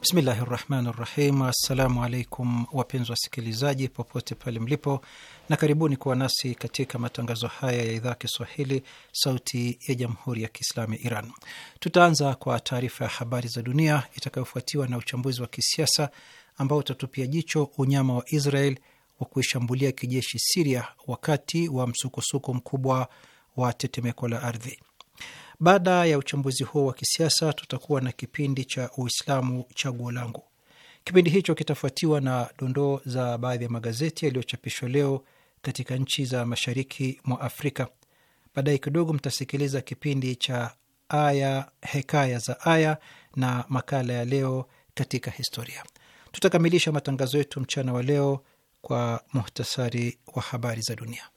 Bismillahi rahmani rahim. Assalamu alaikum wapenzi wasikilizaji popote pale mlipo, na karibuni kuwa nasi katika matangazo haya ya idhaa Kiswahili sauti ya jamhuri ya Kiislamu ya Iran. Tutaanza kwa taarifa ya habari za dunia itakayofuatiwa na uchambuzi wa kisiasa ambao utatupia jicho unyama wa Israel wa kuishambulia kijeshi Siria wakati wa msukosuko mkubwa wa tetemeko la ardhi. Baada ya uchambuzi huo wa kisiasa, tutakuwa na kipindi cha Uislamu chaguo langu. Kipindi hicho kitafuatiwa na dondoo za baadhi ya magazeti yaliyochapishwa leo katika nchi za mashariki mwa Afrika. Baadaye kidogo mtasikiliza kipindi cha aya hekaya za aya na makala ya leo katika historia. Tutakamilisha matangazo yetu mchana wa leo kwa muhtasari wa habari za dunia.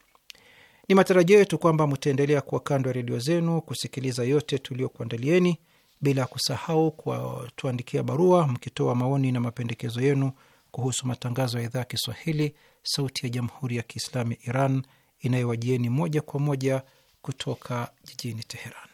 Ni matarajio yetu kwamba mtaendelea kuwa kando ya redio zenu kusikiliza yote tuliokuandalieni, bila kusahau kuatuandikia barua mkitoa maoni na mapendekezo yenu kuhusu matangazo ya idhaa ya Kiswahili, Sauti ya Jamhuri ya Kiislami Iran inayowajieni moja kwa moja kutoka jijini Teheran.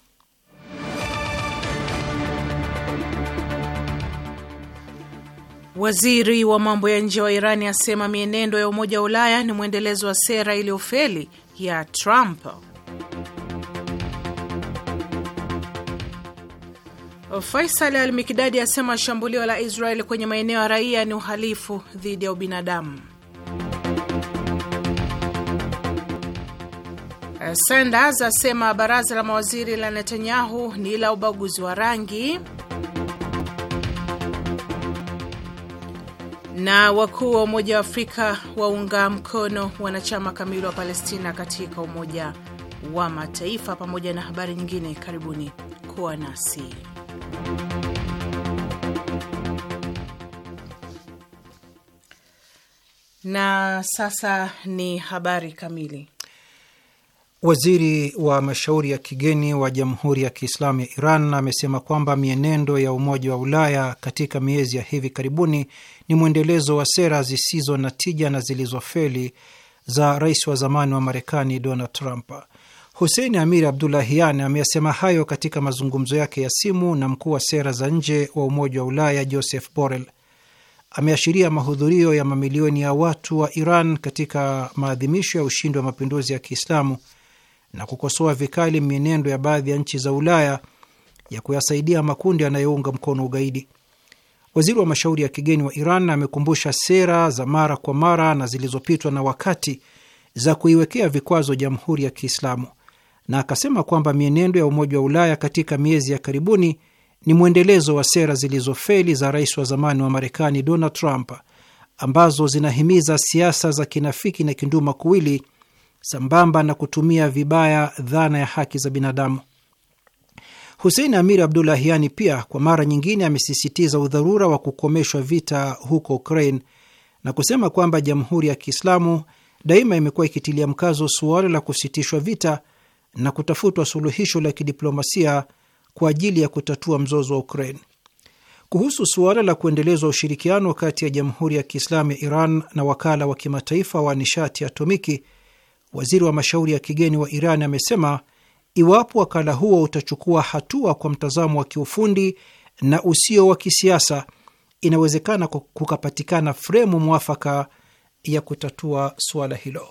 Waziri wa mambo ya nje wa Irani asema mienendo ya Umoja wa Ulaya ni mwendelezo wa sera iliyofeli ya Trump. Faisal Al Mikdadi asema shambulio la israel kwenye maeneo ya raia ni uhalifu dhidi ya ubinadamu. Sanders asema baraza la mawaziri la Netanyahu ni la ubaguzi wa rangi. Na wakuu wa Umoja wa Afrika waunga mkono wanachama kamili wa Palestina katika Umoja wa Mataifa, pamoja na habari nyingine. Karibuni kuwa nasi. Na sasa ni habari kamili. Waziri wa mashauri ya kigeni wa Jamhuri ya Kiislamu ya Iran amesema kwamba mienendo ya Umoja wa Ulaya katika miezi ya hivi karibuni ni mwendelezo wa sera zisizo na tija na zilizofeli za rais wa zamani wa Marekani Donald Trump. Hussein Amir Abdulahian ameyasema hayo katika mazungumzo yake ya simu na mkuu wa sera za nje wa Umoja wa Ulaya Joseph Borrell. Ameashiria mahudhurio ya mamilioni ya watu wa Iran katika maadhimisho ya ushindi wa mapinduzi ya Kiislamu na kukosoa vikali mienendo ya baadhi ya nchi za Ulaya ya kuyasaidia makundi yanayounga mkono ugaidi. Waziri wa mashauri ya kigeni wa Iran amekumbusha sera za mara kwa mara na zilizopitwa na wakati za kuiwekea vikwazo Jamhuri ya Kiislamu na akasema kwamba mienendo ya Umoja wa Ulaya katika miezi ya karibuni ni mwendelezo wa sera zilizofeli za rais wa zamani wa Marekani Donald Trump ambazo zinahimiza siasa za kinafiki na kinduma kuwili sambamba na kutumia vibaya dhana ya haki za binadamu husein Amir Abdulahiani pia kwa mara nyingine amesisitiza udharura wa kukomeshwa vita huko Ukraine na kusema kwamba Jamhuri ya Kiislamu daima imekuwa ikitilia mkazo suala la kusitishwa vita na kutafutwa suluhisho la kidiplomasia kwa ajili ya kutatua mzozo wa Ukraine. Kuhusu suala la kuendelezwa ushirikiano kati ya Jamhuri ya Kiislamu ya Iran na wakala wa kimataifa wa nishati atomiki, waziri wa mashauri ya kigeni wa Iran amesema iwapo wakala huo utachukua hatua kwa mtazamo wa kiufundi na usio wa kisiasa, inawezekana kukapatikana fremu mwafaka ya kutatua suala hilo.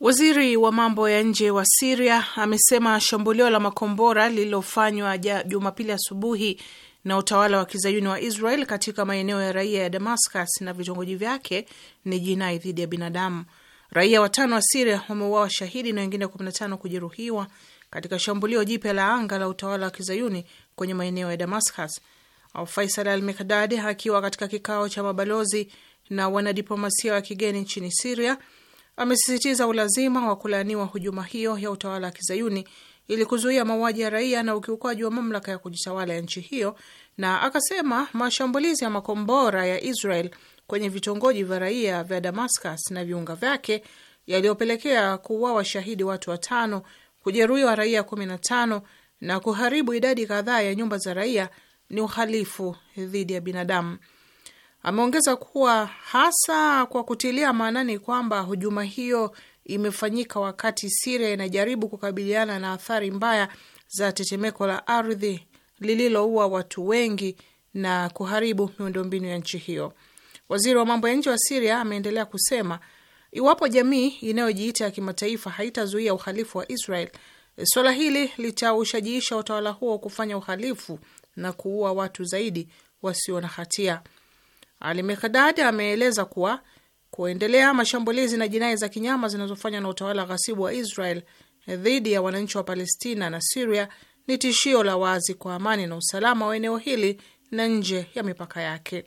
Waziri wa mambo ya nje wa Siria amesema shambulio la makombora lililofanywa Jumapili asubuhi na utawala wa kizayuni wa Israel katika maeneo ya raia ya Damascus na vitongoji vyake ni jinai dhidi ya binadamu. Raia watano wa Siria wameuawa shahidi na wengine 15 kujeruhiwa katika shambulio jipya la anga la utawala wa kizayuni kwenye maeneo ya Damascus. Faisal Al Mikdadi akiwa katika kikao cha mabalozi na wanadiplomasia wa kigeni nchini Siria amesisitiza ulazima wa kulaaniwa hujuma hiyo ya utawala wa kizayuni ili kuzuia mauaji ya raia na ukiukaji wa mamlaka ya kujitawala ya nchi hiyo, na akasema mashambulizi ya makombora ya Israel kwenye vitongoji vya raia vya Damascus na viunga vyake yaliyopelekea kuuawa shahidi watu watano kujeruhiwa raia 15 na kuharibu idadi kadhaa ya nyumba za raia ni uhalifu dhidi ya binadamu. Ameongeza kuwa hasa kwa kutilia maanani kwamba hujuma hiyo imefanyika wakati Siria inajaribu kukabiliana na athari mbaya za tetemeko la ardhi lililoua watu wengi na kuharibu miundombinu ya nchi hiyo. Waziri wa mambo ya nje wa Siria ameendelea kusema Iwapo jamii inayojiita ya kimataifa haitazuia uhalifu wa Israel, eh, swala hili litaushajiisha utawala huo kufanya uhalifu na kuua watu zaidi wasio na hatia. Ali Mikdad ameeleza kuwa kuendelea mashambulizi na jinai za kinyama zinazofanywa na utawala ghasibu wa Israel eh, dhidi ya wananchi wa Palestina na Siria ni tishio la wazi kwa amani na usalama wa eneo hili na nje ya mipaka yake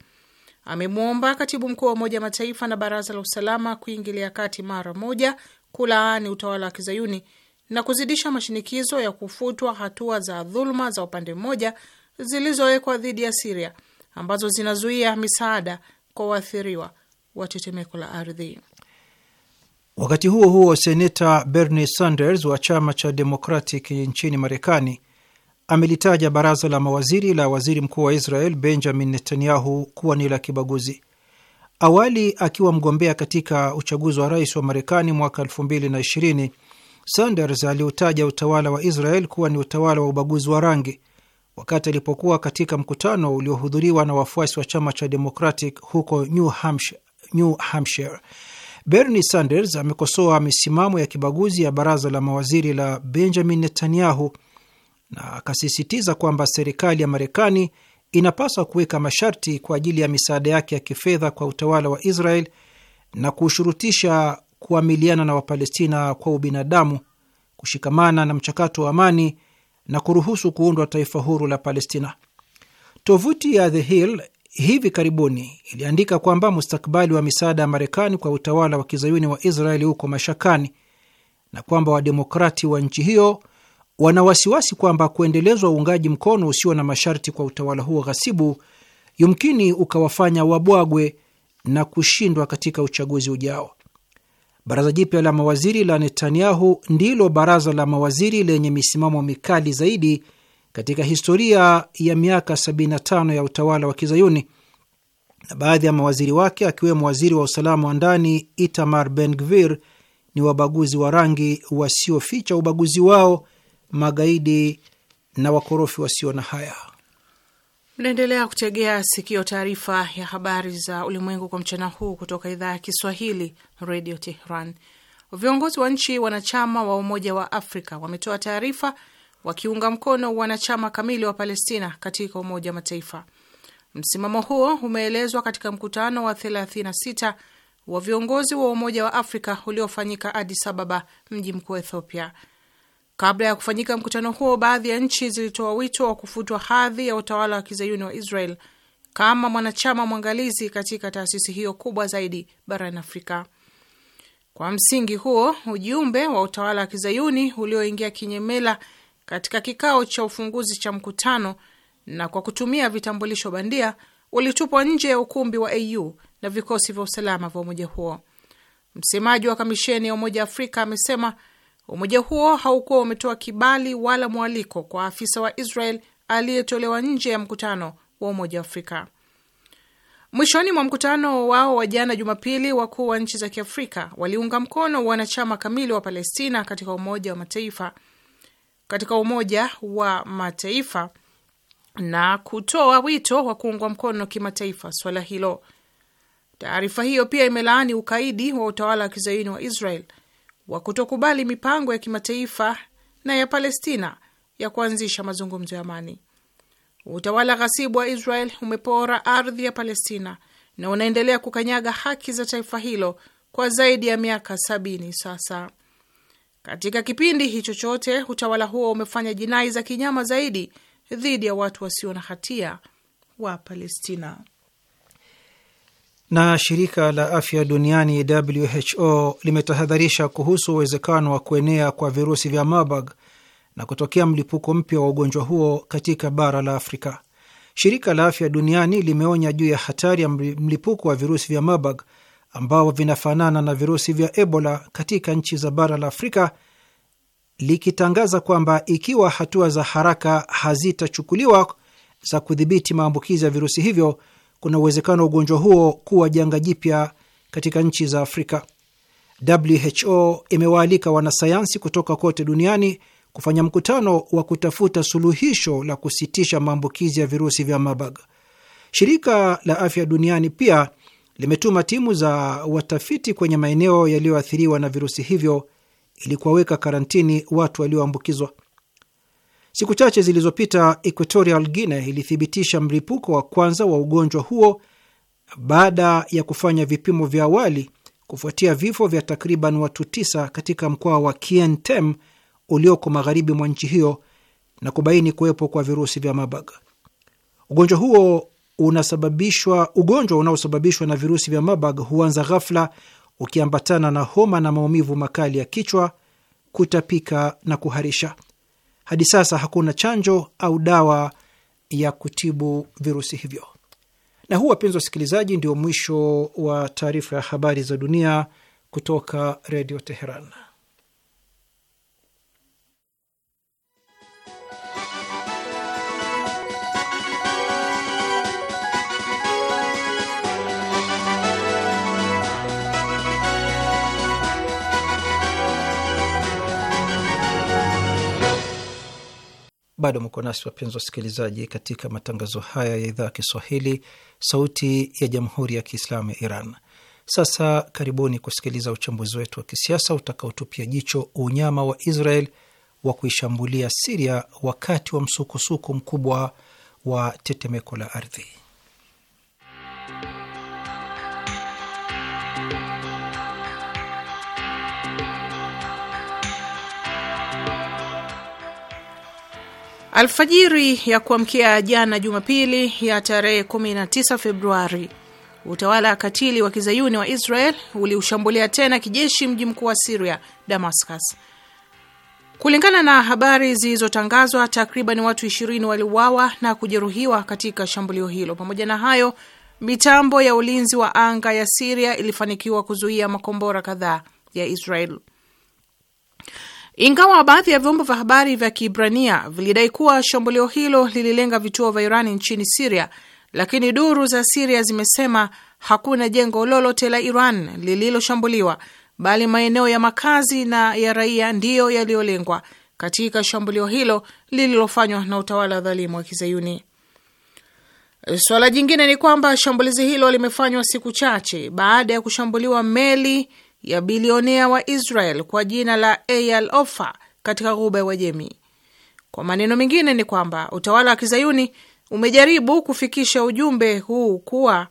amemwomba katibu mkuu wa Umoja Mataifa na Baraza la Usalama kuingilia kati mara moja kulaani utawala wa kizayuni na kuzidisha mashinikizo ya kufutwa hatua za dhuluma za upande mmoja zilizowekwa dhidi ya Siria ambazo zinazuia misaada kwa waathiriwa wa tetemeko la ardhi. Wakati huo huo, seneta Bernie Sanders wa chama cha Democratic nchini Marekani amelitaja baraza la mawaziri la waziri mkuu wa Israel Benjamin Netanyahu kuwa ni la kibaguzi. Awali akiwa mgombea katika uchaguzi wa rais wa Marekani mwaka 2020, Sanders aliutaja utawala wa Israel kuwa ni utawala wa ubaguzi wa rangi wakati alipokuwa katika mkutano uliohudhuriwa na wafuasi wa chama cha Democratic huko New Hampshire, New Hampshire. Bernie Sanders amekosoa misimamo ya kibaguzi ya baraza la mawaziri la Benjamin Netanyahu na akasisitiza kwamba serikali ya Marekani inapaswa kuweka masharti kwa ajili ya misaada yake ya kifedha kwa utawala wa Israel na kushurutisha kuamiliana na Wapalestina kwa ubinadamu, kushikamana na mchakato wa amani na kuruhusu kuundwa taifa huru la Palestina. Tovuti ya The Hill hivi karibuni iliandika kwamba mustakabali wa misaada ya Marekani kwa utawala wa kizayuni wa Israeli uko mashakani na kwamba wademokrati wa nchi hiyo wana wasiwasi kwamba kuendelezwa uungaji mkono usio na masharti kwa utawala huo ghasibu yumkini ukawafanya wabwagwe na kushindwa katika uchaguzi ujao. Baraza jipya la mawaziri la Netanyahu ndilo baraza la mawaziri lenye misimamo mikali zaidi katika historia ya miaka 75 ya utawala wa Kizayuni, na baadhi ya mawaziri wake akiwemo waziri wa usalama wa ndani Itamar Ben Gvir ni wabaguzi wa rangi wasioficha ubaguzi wao magaidi na wakorofi wasio na haya. Mnaendelea kutegea sikio taarifa ya habari za ulimwengu kwa mchana huu kutoka idhaa ya Kiswahili Radio Tehran. Viongozi wa nchi wanachama wa Umoja wa Afrika wametoa taarifa wakiunga mkono wanachama kamili wa Palestina katika Umoja wa Mataifa. Msimamo huo umeelezwa katika mkutano wa 36 wa viongozi wa Umoja wa Afrika uliofanyika adisababa Ababa, mji mkuu wa Ethiopia. Kabla ya kufanyika mkutano huo, baadhi ya nchi zilitoa wito wa kufutwa hadhi ya utawala wa kizayuni wa Israel kama mwanachama mwangalizi katika taasisi hiyo kubwa zaidi barani Afrika. Kwa msingi huo, ujumbe wa utawala wa kizayuni ulioingia kinyemela katika kikao cha ufunguzi cha mkutano na kwa kutumia vitambulisho bandia ulitupwa nje ya ukumbi wa AU na vikosi vya usalama vya umoja huo. Msemaji wa kamisheni ya Umoja wa Afrika amesema Umoja huo haukuwa umetoa kibali wala mwaliko kwa afisa wa Israel aliyetolewa nje ya mkutano wa Umoja wa Afrika. Mwishoni mwa mkutano wao wa jana Jumapili, wakuu wa nchi za Kiafrika waliunga mkono wanachama kamili wa Palestina katika Umoja wa Mataifa, katika Umoja wa Mataifa na kutoa wito wa kuungwa mkono kimataifa swala hilo. Taarifa hiyo pia imelaani ukaidi wa utawala wa kizaini wa Israel wa kutokubali mipango ya kimataifa na ya Palestina ya kuanzisha mazungumzo ya amani. Utawala ghasibu wa Israel umepora ardhi ya Palestina na unaendelea kukanyaga haki za taifa hilo kwa zaidi ya miaka sabini sasa. Katika kipindi hicho chote, utawala huo umefanya jinai za kinyama zaidi dhidi ya watu wasio na hatia wa Palestina. Na shirika la afya duniani WHO limetahadharisha kuhusu uwezekano wa kuenea kwa virusi vya Marburg na kutokea mlipuko mpya wa ugonjwa huo katika bara la Afrika. Shirika la afya duniani limeonya juu ya hatari ya mlipuko wa virusi vya Marburg ambao vinafanana na virusi vya Ebola katika nchi za bara la Afrika, likitangaza kwamba ikiwa hatua za haraka hazitachukuliwa za kudhibiti maambukizi ya virusi hivyo kuna uwezekano wa ugonjwa huo kuwa janga jipya katika nchi za Afrika. WHO imewaalika wanasayansi kutoka kote duniani kufanya mkutano wa kutafuta suluhisho la kusitisha maambukizi ya virusi vya Marburg. Shirika la Afya Duniani pia limetuma timu za watafiti kwenye maeneo yaliyoathiriwa na virusi hivyo ili kuwaweka karantini watu walioambukizwa. Siku chache zilizopita Equatorial Guinea ilithibitisha mlipuko wa kwanza wa ugonjwa huo baada ya kufanya vipimo vya awali kufuatia vifo vya takriban watu tisa katika mkoa wa Kientem ulioko magharibi mwa nchi hiyo na kubaini kuwepo kwa virusi vya mabaga. Ugonjwa huo unasababishwa ugonjwa unaosababishwa na virusi vya mabag huanza ghafla ukiambatana na homa na maumivu makali ya kichwa, kutapika na kuharisha. Hadi sasa hakuna chanjo au dawa ya kutibu virusi hivyo. Na huu, wapenzi wasikilizaji, ndio mwisho wa taarifa ya habari za dunia kutoka Redio Teheran. Bado mko nasi wapenzi wasikilizaji, katika matangazo haya ya idhaa ya Kiswahili, Sauti ya Jamhuri ya Kiislamu ya Iran. Sasa karibuni kusikiliza uchambuzi wetu wa kisiasa utakaotupia jicho unyama wa Israel wa kuishambulia Siria wakati wa msukosuko mkubwa wa tetemeko la ardhi. Alfajiri ya kuamkia jana Jumapili ya tarehe 19 Februari, utawala katili wa kizayuni wa Israel uliushambulia tena kijeshi mji mkuu wa Siria, Damascus. Kulingana na habari zilizotangazwa, takriban watu 20 waliuawa na kujeruhiwa katika shambulio hilo. Pamoja na hayo, mitambo ya ulinzi wa anga ya Siria ilifanikiwa kuzuia makombora kadhaa ya Israel. Ingawa baadhi ya vyombo vya habari vya Kiibrania vilidai kuwa shambulio hilo lililenga vituo vya Irani nchini Siria, lakini duru za Siria zimesema hakuna jengo lolote la Iran lililoshambuliwa, bali maeneo ya makazi na ya raia ndiyo yaliyolengwa katika shambulio hilo lililofanywa na utawala dhalimu wa Kizayuni. Suala jingine ni kwamba shambulizi hilo limefanywa siku chache baada ya kushambuliwa meli ya bilionea wa Israel kwa jina la Eyal Ofa katika ghuba ya Uajemi. Kwa maneno mengine, ni kwamba utawala wa kizayuni umejaribu kufikisha ujumbe huu kuwa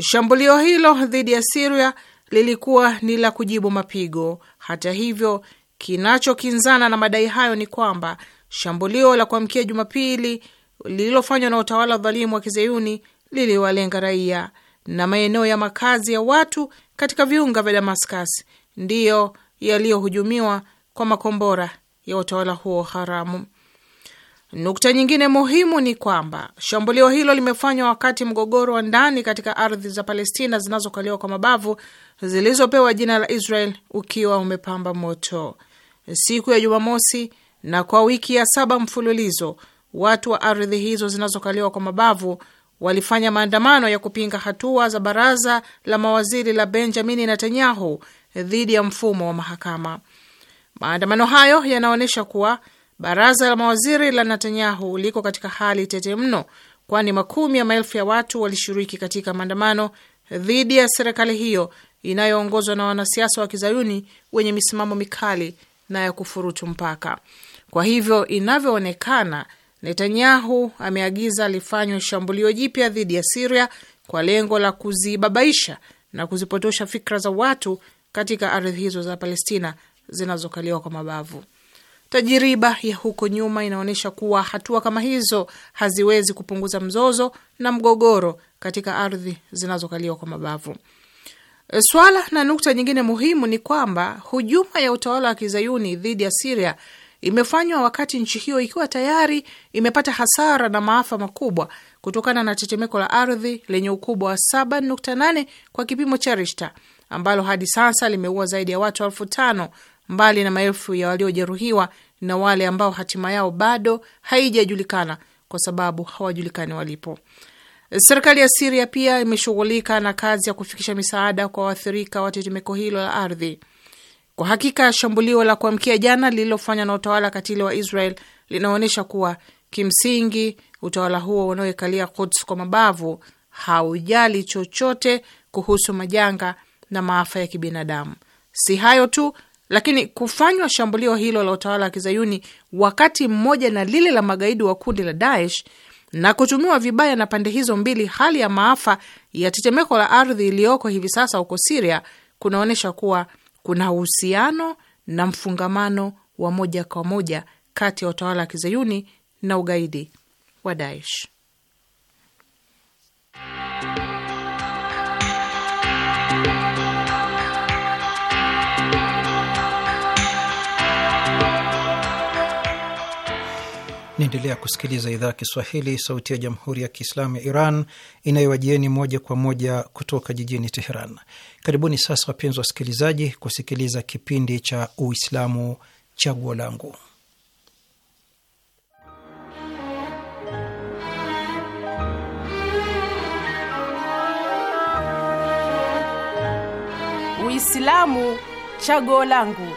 shambulio hilo dhidi ya Siria lilikuwa ni la kujibu mapigo. Hata hivyo, kinachokinzana na madai hayo ni kwamba shambulio la kuamkia Jumapili lililofanywa na utawala wa dhalimu wa kizayuni liliwalenga raia na maeneo ya makazi ya watu katika viunga vya Damascus ndiyo yaliyohujumiwa kwa makombora ya utawala huo haramu. Nukta nyingine muhimu ni kwamba shambulio hilo limefanywa wakati mgogoro wa ndani katika ardhi za Palestina zinazokaliwa kwa mabavu zilizopewa jina la Israel ukiwa umepamba moto siku ya Jumamosi, na kwa wiki ya saba mfululizo watu wa ardhi hizo zinazokaliwa kwa mabavu walifanya maandamano ya kupinga hatua za baraza la mawaziri la Benjamini Netanyahu dhidi ya mfumo wa mahakama. Maandamano hayo yanaonyesha kuwa baraza la mawaziri la Netanyahu liko katika hali tete mno, kwani makumi ya maelfu ya watu walishiriki katika maandamano dhidi ya serikali hiyo inayoongozwa na wanasiasa wa kizayuni wenye misimamo mikali na ya kufurutu mpaka. Kwa hivyo inavyoonekana Netanyahu ameagiza lifanywe shambulio jipya dhidi ya Siria kwa lengo la kuzibabaisha na kuzipotosha fikra za watu katika ardhi hizo za Palestina zinazokaliwa kwa mabavu. Tajiriba ya huko nyuma inaonyesha kuwa hatua kama hizo haziwezi kupunguza mzozo na mgogoro katika ardhi zinazokaliwa kwa mabavu. E, swala na nukta nyingine muhimu ni kwamba hujuma ya utawala wa kizayuni dhidi ya Siria imefanywa wakati nchi hiyo ikiwa tayari imepata hasara na maafa makubwa kutokana na tetemeko la ardhi lenye ukubwa wa 7.8 kwa kipimo cha Richter ambalo hadi sasa limeua zaidi ya watu elfu tano mbali na maelfu ya waliojeruhiwa na wale ambao hatima yao bado haijajulikana kwa sababu hawajulikani walipo. Serikali ya Siria pia imeshughulika na kazi ya kufikisha misaada kwa waathirika wa tetemeko hilo la ardhi. Kwa hakika shambulio la kuamkia jana lililofanywa na utawala katili wa Israel linaonyesha kuwa kimsingi utawala huo unaoikalia Quds kwa mabavu haujali chochote kuhusu majanga na maafa ya kibinadamu. Si hayo tu, lakini kufanywa shambulio hilo la utawala wa kizayuni wakati mmoja na lile la magaidi wa kundi la Daesh na kutumiwa vibaya na pande hizo mbili hali ya maafa ya tetemeko la ardhi iliyoko hivi sasa huko Siria kunaonyesha kuwa kuna uhusiano na mfungamano wa moja kwa moja kati ya utawala wa kizayuni na ugaidi wa Daesh. Naendelea kusikiliza idhaa ya Kiswahili, sauti ya jamhuri ya kiislamu ya Iran inayowajieni moja kwa moja kutoka jijini Teheran. Karibuni sasa, wapenzi wasikilizaji, kusikiliza kipindi cha Uislamu Chaguo Langu. Uislamu Chaguo Langu.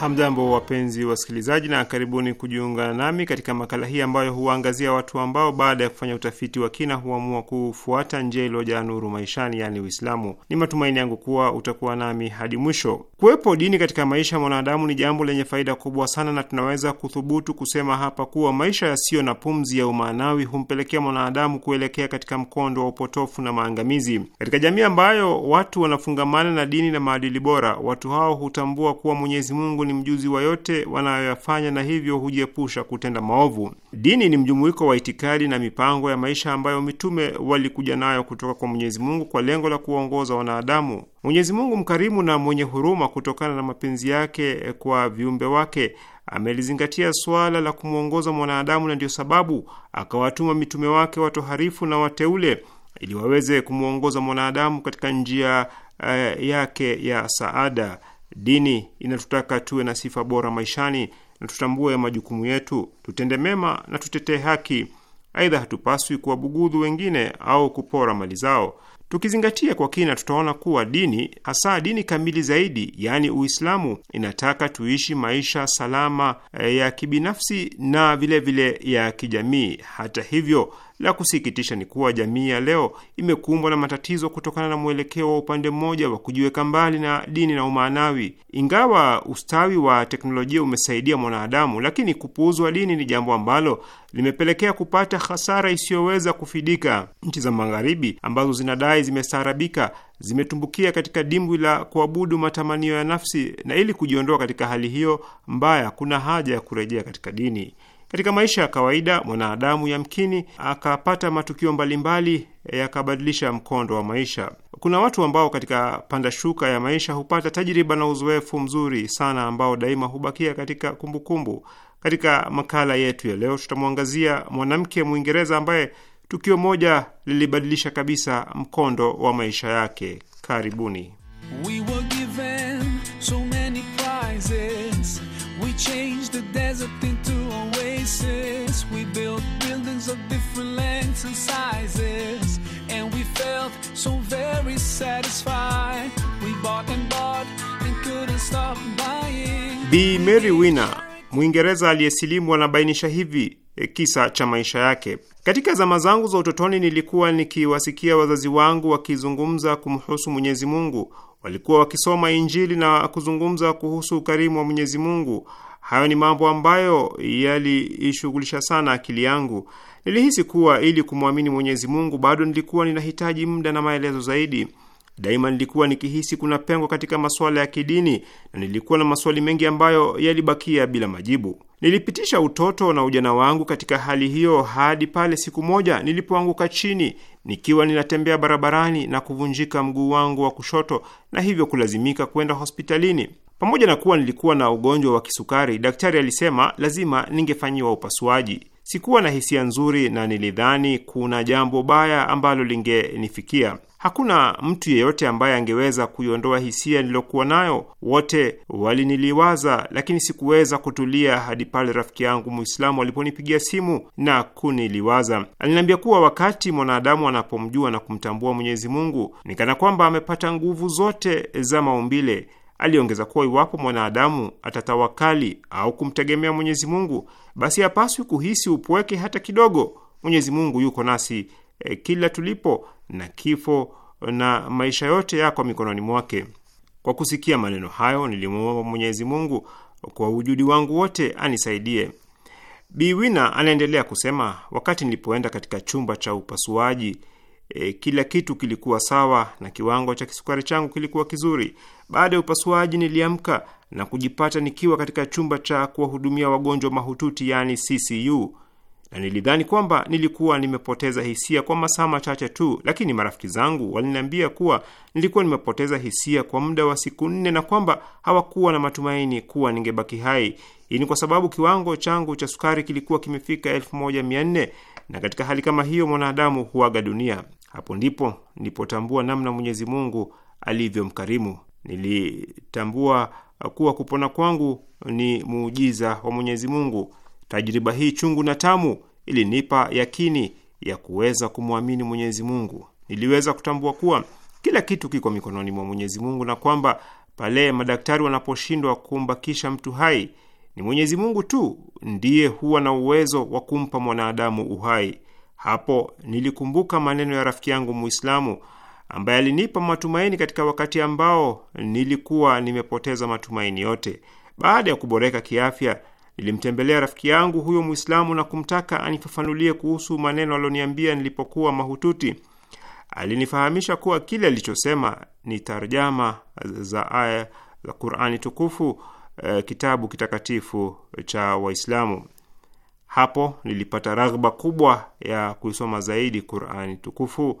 Hamjambo, wapenzi wasikilizaji, na karibuni kujiunga nami katika makala hii ambayo huwaangazia watu ambao baada ya kufanya utafiti wa kina huamua kufuata njia iliyojaa nuru maishani, yaani Uislamu. Ni matumaini yangu kuwa utakuwa nami hadi mwisho. Kuwepo dini katika maisha ya mwanadamu ni jambo lenye faida kubwa sana, na tunaweza kuthubutu kusema hapa kuwa maisha yasiyo na pumzi ya umaanawi humpelekea mwanadamu kuelekea katika mkondo wa upotofu na maangamizi. Katika jamii ambayo watu wanafungamana na dini na maadili bora, watu hao hutambua kuwa Mwenyezi Mungu ni mjuzi wa yote wanayoyafanya na hivyo hujiepusha kutenda maovu. Dini ni mjumuiko wa itikadi na mipango ya maisha ambayo mitume walikuja nayo kutoka kwa Mwenyezi Mungu kwa lengo la kuwaongoza wanadamu. Mwenyezi Mungu mkarimu na mwenye huruma, kutokana na mapenzi yake kwa viumbe wake amelizingatia suala la kumwongoza mwanadamu, na ndiyo sababu akawatuma mitume wake watoharifu na wateule ili waweze kumwongoza mwanadamu katika njia uh, yake ya saada. Dini inatutaka tuwe na sifa bora maishani na tutambue majukumu yetu, tutende mema na tutetee haki. Aidha, hatupaswi kuwabugudhu wengine au kupora mali zao. Tukizingatia kwa kina, tutaona kuwa dini hasa dini kamili zaidi, yaani Uislamu, inataka tuishi maisha salama eh, ya kibinafsi na vilevile vile ya kijamii. Hata hivyo la kusikitisha ni kuwa jamii ya leo imekumbwa na matatizo kutokana na mwelekeo wa upande mmoja wa kujiweka mbali na dini na umaanawi. Ingawa ustawi wa teknolojia umesaidia mwanadamu, lakini kupuuzwa dini ni jambo ambalo limepelekea kupata hasara isiyoweza kufidika. Nchi za Magharibi ambazo zinadai zimestaarabika zimetumbukia katika dimbwi la kuabudu matamanio ya nafsi, na ili kujiondoa katika hali hiyo mbaya, kuna haja ya kurejea katika dini. Katika maisha ya kawaida, mwanadamu yamkini akapata matukio mbalimbali eh, yakabadilisha mkondo wa maisha. Kuna watu ambao katika panda shuka ya maisha hupata tajriba na uzoefu mzuri sana ambao daima hubakia katika kumbukumbu kumbu. Katika makala yetu ya leo tutamwangazia mwanamke Mwingereza ambaye tukio moja lilibadilisha kabisa mkondo wa maisha yake. Karibuni. We were given so many prizes. We shapes and sizes, and we felt so very satisfied. We bought and bought and couldn't stop buying. Bi Mary Wina, Mwingereza aliyesilimu, anabainisha hivi eh, kisa cha maisha yake. Katika zama zangu za utotoni, nilikuwa nikiwasikia wazazi wangu wakizungumza kumhusu Mwenyezi Mungu. Walikuwa wakisoma Injili na kuzungumza kuhusu ukarimu wa Mwenyezi Mungu. Hayo ni mambo ambayo yaliishughulisha sana akili yangu. Nilihisi kuwa ili kumwamini Mwenyezi Mungu bado nilikuwa ninahitaji muda na maelezo zaidi. Daima nilikuwa nikihisi kuna pengo katika masuala ya kidini na nilikuwa na maswali mengi ambayo yalibakia bila majibu. Nilipitisha utoto na ujana wangu katika hali hiyo hadi pale siku moja nilipoanguka chini nikiwa ninatembea barabarani na kuvunjika mguu wangu wa kushoto na hivyo kulazimika kwenda hospitalini. Pamoja na kuwa nilikuwa na ugonjwa wa kisukari, daktari alisema lazima ningefanyiwa upasuaji. Sikuwa na hisia nzuri na nilidhani kuna jambo baya ambalo lingenifikia. Hakuna mtu yeyote ambaye angeweza kuiondoa hisia niliyokuwa nayo. Wote waliniliwaza, lakini sikuweza kutulia hadi pale rafiki yangu Muislamu aliponipigia simu na kuniliwaza. Aliniambia kuwa wakati mwanadamu anapomjua na kumtambua Mwenyezi Mungu, ni kana kwamba amepata nguvu zote za maumbile Aliongeza kuwa iwapo mwanadamu atatawakali au kumtegemea Mwenyezi Mungu, basi hapaswi kuhisi upweke hata kidogo. Mwenyezi Mungu yuko nasi e, kila tulipo, na kifo na maisha yote yako mikononi mwake. Kwa kusikia maneno hayo, nilimwomba Mwenyezi Mungu kwa ujudi wangu wote anisaidie. Biwina anaendelea kusema, wakati nilipoenda katika chumba cha upasuaji e, kila kitu kilikuwa sawa na kiwango cha kisukari changu kilikuwa kizuri. Baada ya upasuaji niliamka na kujipata nikiwa katika chumba cha kuwahudumia wagonjwa mahututi, yaani CCU, na nilidhani kwamba nilikuwa nimepoteza hisia kwa masaa machache tu, lakini marafiki zangu waliniambia kuwa nilikuwa nimepoteza hisia kwa muda wa siku nne na kwamba hawakuwa na matumaini kuwa ningebaki hai. Hii ni kwa sababu kiwango changu cha sukari kilikuwa kimefika elfu moja mia nne na katika hali kama hiyo mwanadamu huaga dunia. Hapo ndipo nilipotambua namna Mwenyezi Mungu alivyomkarimu. Nilitambua kuwa kupona kwangu ni muujiza wa Mwenyezi Mungu. Tajriba hii chungu na tamu ilinipa yakini ya kuweza kumwamini Mwenyezi Mungu. Niliweza kutambua kuwa kila kitu kiko mikononi mwa Mwenyezi Mungu na kwamba pale madaktari wanaposhindwa kumbakisha mtu hai, ni Mwenyezi Mungu tu ndiye huwa na uwezo wa kumpa mwanadamu uhai. Hapo nilikumbuka maneno ya rafiki yangu Muislamu ambaye alinipa matumaini katika wakati ambao nilikuwa nimepoteza matumaini yote. Baada ya kuboreka kiafya, nilimtembelea rafiki yangu huyo Mwislamu na kumtaka anifafanulie kuhusu maneno alioniambia nilipokuwa mahututi. Alinifahamisha kuwa kile alichosema ni tarjama za aya za Qurani tukufu, eh, kitabu kitakatifu cha Waislamu. Hapo nilipata raghba kubwa ya kuisoma zaidi Qurani tukufu.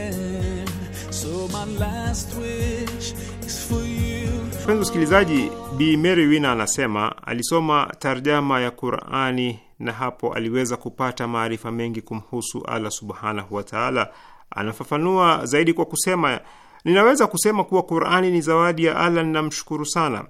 Mpenzi msikilizaji, Bi Mary Wina anasema alisoma tarjama ya Qurani na hapo aliweza kupata maarifa mengi kumhusu Allah subhanahu wataala. Anafafanua zaidi kwa kusema, ninaweza kusema kuwa Qurani ni zawadi ya Allah. Ninamshukuru sana.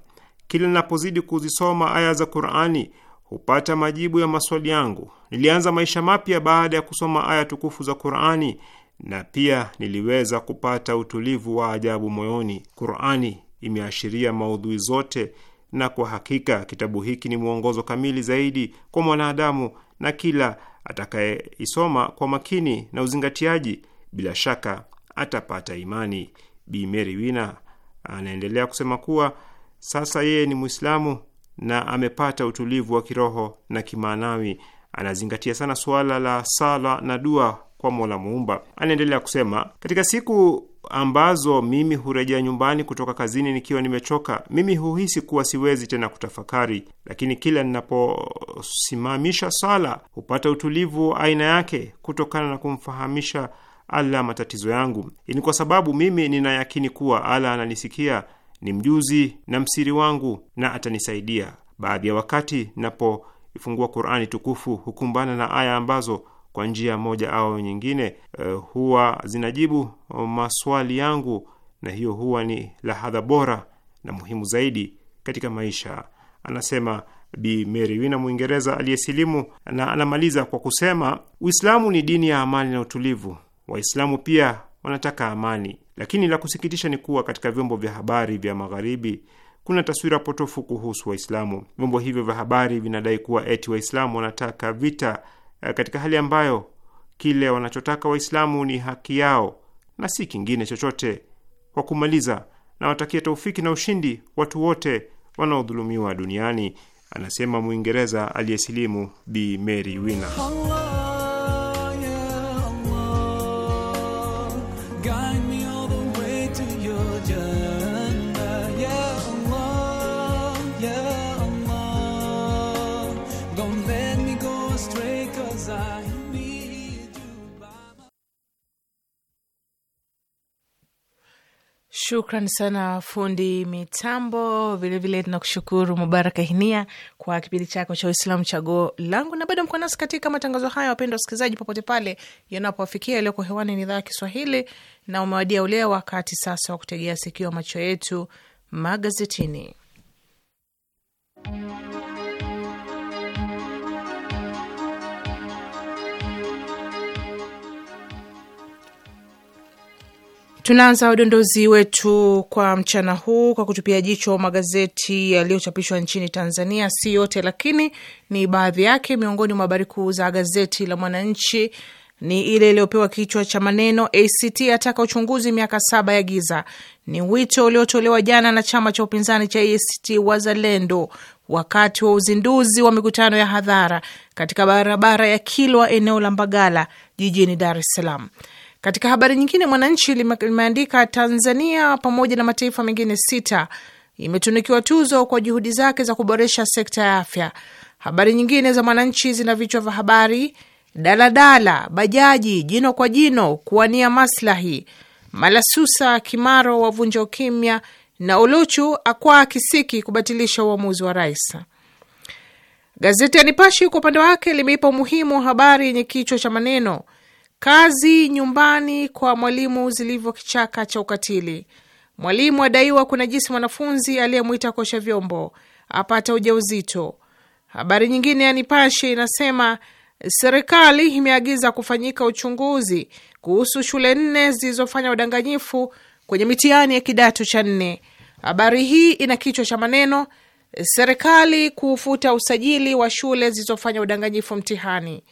Kila ninapozidi kuzisoma aya za Qurani hupata majibu ya maswali yangu. Nilianza maisha mapya baada ya kusoma aya tukufu za Qurani na pia niliweza kupata utulivu wa ajabu moyoni. Qurani imeashiria maudhui zote, na kwa hakika kitabu hiki ni mwongozo kamili zaidi kwa mwanadamu, na kila atakayeisoma kwa makini na uzingatiaji, bila shaka atapata imani. Bi Mary Wina anaendelea kusema kuwa sasa yeye ni Mwislamu na amepata utulivu wa kiroho na kimaanawi. Anazingatia sana suala la sala na dua kwa Mola Muumba. Anaendelea kusema, katika siku ambazo mimi hurejea nyumbani kutoka kazini nikiwa nimechoka, mimi huhisi kuwa siwezi tena kutafakari, lakini kila ninaposimamisha sala hupata utulivu wa aina yake kutokana na kumfahamisha ala matatizo yangu. Hii ni kwa sababu mimi ninayakini kuwa ala ananisikia, ni mjuzi na msiri wangu na atanisaidia. Baadhi ya wakati napo ifungua Qur'ani tukufu hukumbana na aya ambazo kwa njia moja au nyingine, uh, huwa zinajibu oh, maswali yangu, na hiyo huwa ni lahadha bora na muhimu zaidi katika maisha, anasema Bi Mary Wina, Mwingereza aliyesilimu, na anamaliza kwa kusema Uislamu ni dini ya amani na utulivu. Waislamu pia wanataka amani, lakini la kusikitisha ni kuwa katika vyombo vya habari vya Magharibi kuna taswira potofu kuhusu Waislamu. Vyombo hivyo vya habari vinadai kuwa eti Waislamu wanataka vita Eh, katika hali ambayo kile wanachotaka Waislamu ni haki yao na si kingine chochote. Kwa kumaliza, na watakia taufiki na ushindi watu wote wanaodhulumiwa duniani, anasema Mwingereza aliyesilimu Bi Mary Wina. Shukran sana fundi mitambo, vilevile tunakushukuru Mubaraka Hinia kwa kipindi chako cha Uislamu Chaguo Langu, na bado mko nasi katika matangazo haya, wapendwa wasikilizaji, popote pale yanapowafikia. Yaliyoko hewani ni idhaa ya Kiswahili, na umewadia ule wakati sasa wa kutegea sikio, macho yetu magazetini Tunaanza udondozi wetu kwa mchana huu kwa kutupia jicho magazeti yaliyochapishwa nchini Tanzania. Si yote lakini ni baadhi yake. Miongoni mwa habari kuu za gazeti la Mwananchi ni ile iliyopewa kichwa cha maneno ACT ataka uchunguzi miaka saba ya giza. Ni wito uliotolewa jana na chama cha upinzani cha ACT Wazalendo wakati wa uzinduzi wa mikutano ya hadhara katika barabara ya Kilwa, eneo la Mbagala, jijini Dar es Salaam. Katika habari nyingine, Mwananchi limeandika Tanzania pamoja na mataifa mengine sita imetunikiwa tuzo kwa juhudi zake za kuboresha sekta ya afya. Habari nyingine za Mwananchi zina vichwa vya habari: daladala, bajaji, jino kwa jino kuwania maslahi, malasusa Kimaro wavunja ukimya, na Oluchu akwaa kisiki kubatilisha uamuzi wa rais. Gazeti ya nipashi kwa upande wake limeipa umuhimu habari yenye kichwa cha maneno Kazi nyumbani kwa mwalimu zilivyo kichaka cha ukatili. Mwalimu adaiwa kunajisi mwanafunzi aliyemwita kuosha vyombo apata ujauzito. Habari nyingine ya Nipashe inasema serikali imeagiza kufanyika uchunguzi kuhusu shule nne zilizofanya udanganyifu kwenye mitihani ya kidato cha nne. Habari hii ina kichwa cha maneno serikali kuufuta usajili wa shule zilizofanya udanganyifu mtihani.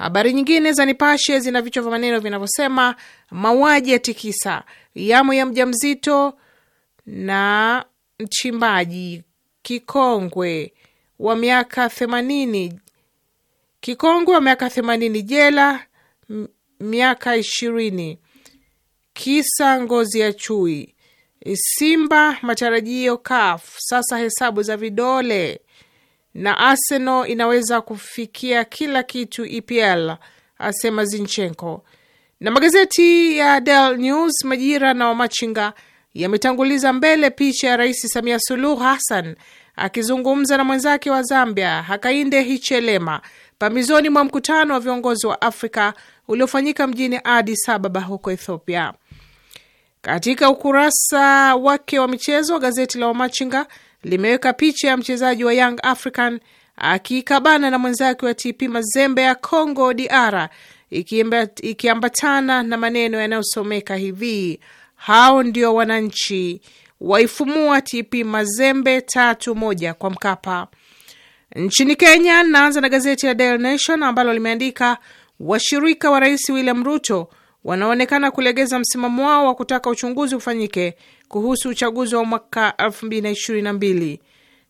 Habari nyingine za Nipashe zina vichwa vya maneno vinavyosema mauaji ya tikisa yamo ya mjamzito na mchimbaji kikongwe wa miaka themanini kikongwe wa miaka themanini jela miaka ishirini kisa ngozi ya chui. Simba matarajio kaf sasa hesabu za vidole na Arsenal inaweza kufikia kila kitu EPL, asema Zinchenko. Na magazeti ya Del News, Majira na Wamachinga yametanguliza mbele picha ya Rais Samia Suluhu Hassan akizungumza na mwenzake wa Zambia Hakainde hichelema pamizoni mwa mkutano wa viongozi wa Afrika uliofanyika mjini Addis Ababa huko Ethiopia. Katika ukurasa wake wa michezo, gazeti la Wamachinga limeweka picha ya mchezaji wa Young African akikabana na mwenzake wa TP Mazembe ya Congo DR, ikiambatana na maneno yanayosomeka hivi: hao ndio wananchi waifumua TP Mazembe tatu moja kwa Mkapa. Nchini Kenya, naanza na gazeti la Daily Nation ambalo limeandika washirika wa rais William Ruto wanaonekana kulegeza msimamo wao wa kutaka uchunguzi ufanyike kuhusu uchaguzi wa mwaka 2022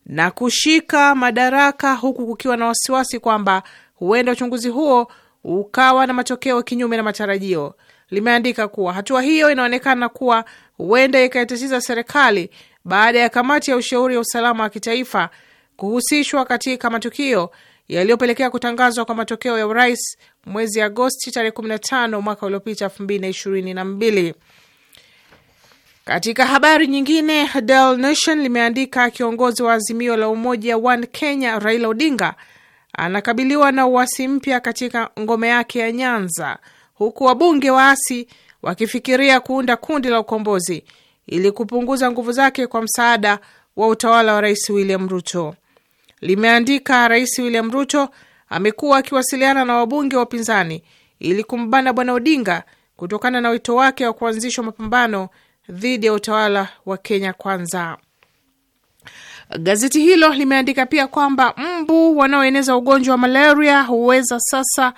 na kushika madaraka, huku kukiwa na wasiwasi kwamba huenda uchunguzi huo ukawa na matokeo kinyume na matarajio. Limeandika kuwa hatua hiyo inaonekana kuwa huenda ikaitatiza serikali baada ya kamati ya ushauri wa usalama wa kitaifa kuhusishwa katika matukio yaliyopelekea kutangazwa kwa matokeo ya urais mwezi Agosti tarehe 15 mwaka uliopita 2022. Katika habari nyingine, Daily Nation limeandika kiongozi wa Azimio la Umoja One Kenya Raila Odinga anakabiliwa na uasi mpya katika ngome yake ya Nyanza, huku wabunge waasi wakifikiria kuunda kundi la ukombozi ili kupunguza nguvu zake kwa msaada wa utawala wa Rais William Ruto limeandika Rais William Ruto amekuwa akiwasiliana na wabunge wa upinzani ili kumbana Bwana Odinga kutokana na wito wake wa kuanzishwa mapambano dhidi ya utawala wa Kenya Kwanza. Gazeti hilo limeandika pia kwamba mbu wanaoeneza ugonjwa wa malaria huweza sasa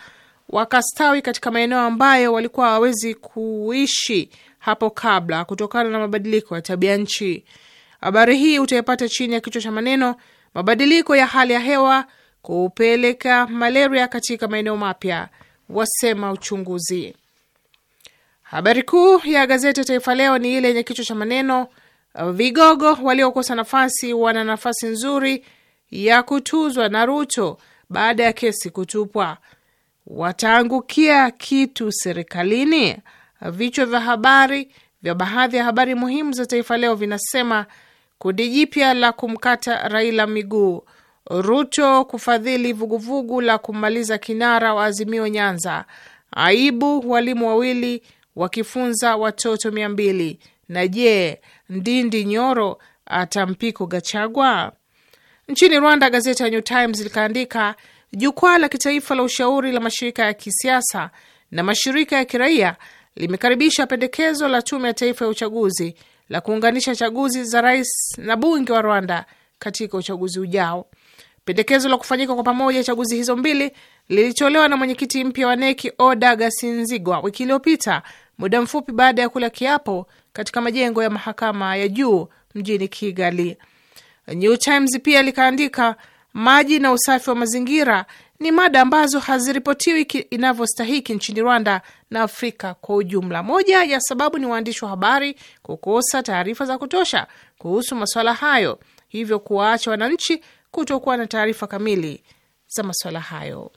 wakastawi katika maeneo ambayo walikuwa hawawezi kuishi hapo kabla kutokana na mabadiliko ya tabia nchi. Habari hii utaipata chini ya kichwa cha maneno Mabadiliko ya hali ya hewa kupeleka malaria katika maeneo mapya, wasema uchunguzi. Habari kuu ya gazeti Taifa Leo ni ile yenye kichwa cha maneno vigogo waliokosa nafasi wana nafasi nzuri ya kutuzwa na Ruto baada ya kesi kutupwa. Wataangukia kitu serikalini? Vichwa vya habari vya baadhi ya habari muhimu za Taifa Leo vinasema Kundi jipya la kumkata Raila miguu, Ruto kufadhili vuguvugu la kumaliza kinara wa Azimio Nyanza, aibu walimu wawili wakifunza watoto mia mbili. Na je, Ndindi Nyoro atampiku Gachagwa? Nchini Rwanda, gazeti ya New Times likaandika jukwaa la kitaifa la ushauri la mashirika ya kisiasa na mashirika ya kiraia limekaribisha pendekezo la tume ya taifa ya uchaguzi la kuunganisha chaguzi za rais na bunge wa Rwanda katika uchaguzi ujao. Pendekezo la kufanyika kwa pamoja chaguzi hizo mbili lilitolewa na mwenyekiti mpya wa neki Oda Gasinzigwa wiki iliyopita, muda mfupi baada ya kula kiapo katika majengo ya mahakama ya juu mjini Kigali. New Times pia likaandika, maji na usafi wa mazingira ni mada ambazo haziripotiwi inavyostahiki nchini Rwanda na Afrika kwa ujumla. Moja ya sababu ni waandishi wa habari kukosa taarifa za kutosha kuhusu masuala hayo, hivyo kuwaacha wananchi kutokuwa na taarifa kamili za masuala hayo.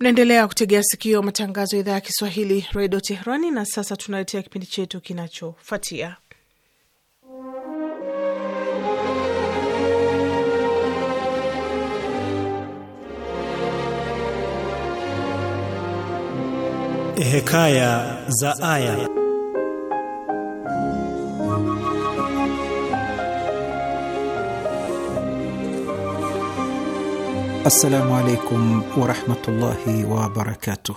Mnaendelea kutegea sikio matangazo ya idhaa ya Kiswahili redio Teherani. Na sasa tunaletea kipindi chetu kinachofuatia Hekaya za Aya. Assalamu alaikum warahmatullahi wabarakatuh.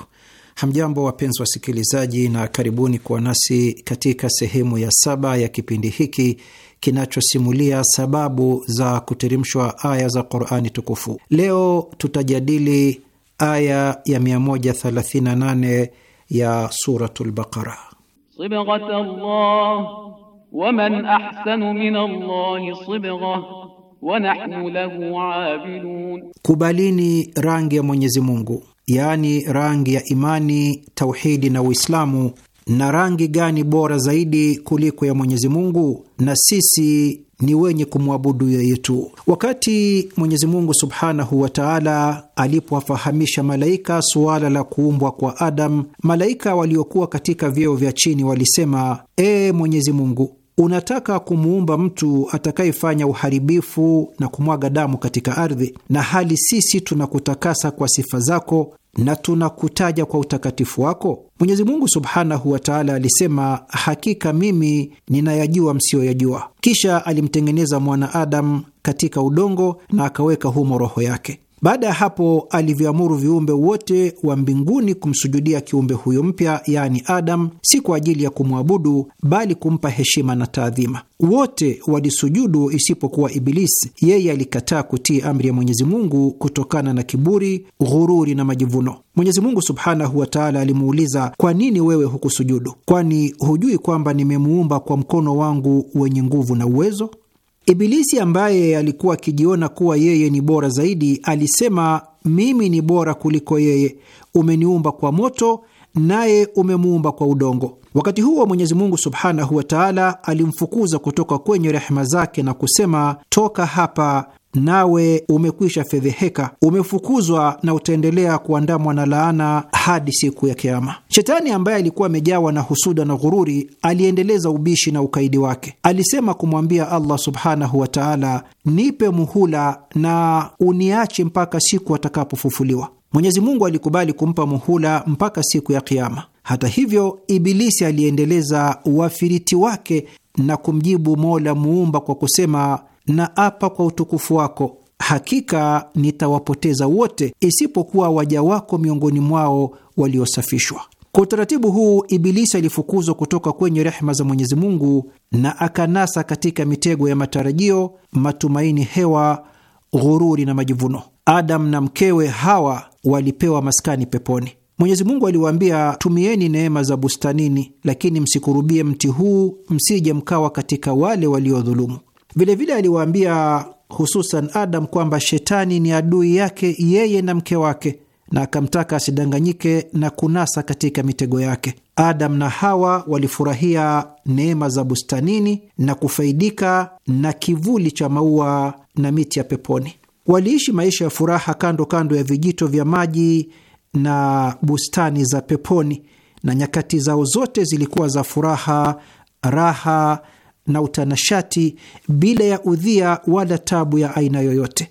Hamjambo wapenzi wasikilizaji, na karibuni kuwa nasi katika sehemu ya saba ya kipindi hiki kinachosimulia sababu za kuteremshwa aya za Qurani Tukufu. Leo tutajadili aya ya 138 ya Suratu lbaara Sibghat Allah waman ahsanu min Allahi sibgha wa nahnu lahu abidun, kubalini rangi ya Mwenyezi Mungu, yaani rangi ya imani, tauhidi na Uislamu. Na rangi gani bora zaidi kuliko ya Mwenyezi Mungu? Na sisi ni wenye kumwabudu yeye tu. Wakati Mwenyezi Mungu subhanahu wa taala alipowafahamisha malaika suala la kuumbwa kwa Adam, malaika waliokuwa katika vyeo vya chini walisema: E Mwenyezi Mungu, unataka kumuumba mtu atakayefanya uharibifu na kumwaga damu katika ardhi, na hali sisi tunakutakasa kwa sifa zako na tunakutaja kwa utakatifu wako. Mwenyezi Mungu subhanahu wa taala alisema, hakika mimi ninayajua msiyoyajua. Kisha alimtengeneza mwanaadamu katika udongo na akaweka humo roho yake. Baada ya hapo alivyoamuru viumbe wote wa mbinguni kumsujudia kiumbe huyo mpya, yaani Adam, si kwa ajili ya kumwabudu, bali kumpa heshima na taadhima. Wote walisujudu isipokuwa Ibilisi. Yeye alikataa kutii amri ya Mwenyezi Mungu kutokana na kiburi, ghururi na majivuno. Mwenyezi Mungu subhanahu wa taala alimuuliza, kwa nini wewe hukusujudu? Kwani hujui kwamba nimemuumba kwa mkono wangu wenye nguvu na uwezo? Ibilisi ambaye alikuwa akijiona kuwa yeye ni bora zaidi, alisema, mimi ni bora kuliko yeye, umeniumba kwa moto naye umemuumba kwa udongo. Wakati huo Mwenyezi Mungu subhanahu wa taala alimfukuza kutoka kwenye rehema zake na kusema, toka hapa nawe umekwisha fedheheka, umefukuzwa na utaendelea kuandamwa na laana hadi siku ya Kiama. Shetani ambaye alikuwa amejawa na husuda na ghururi, aliendeleza ubishi na ukaidi wake. Alisema kumwambia Allah subhanahu wa taala, nipe muhula na uniache mpaka siku atakapofufuliwa. Mwenyezi Mungu alikubali kumpa muhula mpaka siku ya Kiama. Hata hivyo, Ibilisi aliendeleza uafiriti wake na kumjibu Mola muumba kwa kusema na apa kwa utukufu wako, hakika nitawapoteza wote isipokuwa waja wako miongoni mwao waliosafishwa. Kwa utaratibu huu Ibilisi alifukuzwa kutoka kwenye rehema za Mwenyezi Mungu na akanasa katika mitego ya matarajio, matumaini hewa, ghururi na majivuno. Adamu na mkewe Hawa walipewa maskani peponi. Mwenyezi Mungu aliwaambia, tumieni neema za bustanini, lakini msikurubie mti huu, msije mkawa katika wale waliodhulumu. Vilevile aliwaambia hususan Adam kwamba shetani ni adui yake yeye na mke wake, na akamtaka asidanganyike na kunasa katika mitego yake. Adam na Hawa walifurahia neema za bustanini na kufaidika na kivuli cha maua na miti ya peponi. Waliishi maisha ya furaha kando kando ya vijito vya maji na bustani za peponi, na nyakati zao zote zilikuwa za furaha, raha na utanashati bila ya udhia wala tabu ya aina yoyote.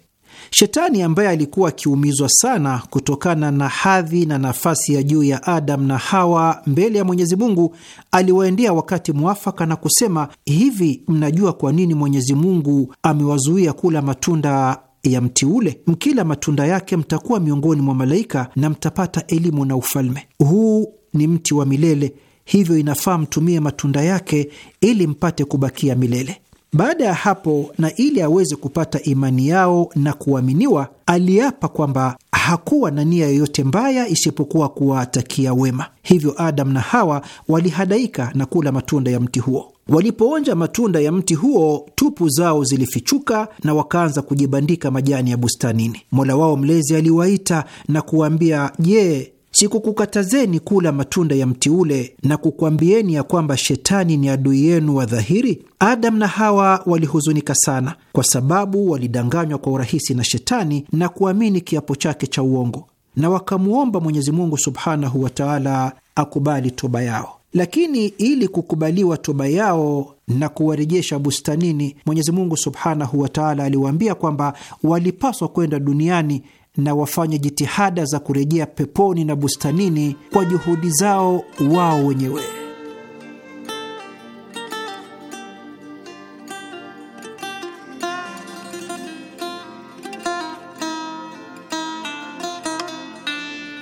Shetani ambaye alikuwa akiumizwa sana kutokana na hadhi na nafasi ya juu ya Adamu na Hawa mbele ya Mwenyezi Mungu aliwaendea wakati mwafaka na kusema hivi, mnajua kwa nini Mwenyezi Mungu amewazuia kula matunda ya mti ule? Mkila matunda yake mtakuwa miongoni mwa malaika na mtapata elimu na ufalme. Huu ni mti wa milele hivyo inafaa mtumie matunda yake ili mpate kubakia milele. Baada ya hapo, na ili aweze kupata imani yao na kuaminiwa, aliapa kwamba hakuwa na nia yoyote mbaya isipokuwa kuwatakia wema. Hivyo Adam na Hawa walihadaika na kula matunda ya mti huo. Walipoonja matunda ya mti huo, tupu zao zilifichuka na wakaanza kujibandika majani ya bustanini. Mola wao mlezi aliwaita na kuwaambia, je, Sikukukatazeni kula matunda ya mti ule na kukwambieni ya kwamba shetani ni adui yenu wa dhahiri? Adamu na Hawa walihuzunika sana, kwa sababu walidanganywa kwa urahisi na shetani na kuamini kiapo chake cha uongo, na wakamwomba Mwenyezi Mungu subhanahu wa taala akubali toba yao. Lakini ili kukubaliwa toba yao na kuwarejesha bustanini, Mwenyezi Mungu subhanahu wa taala aliwaambia kwamba walipaswa kwenda duniani na wafanye jitihada za kurejea peponi na bustanini kwa juhudi zao wao wenyewe.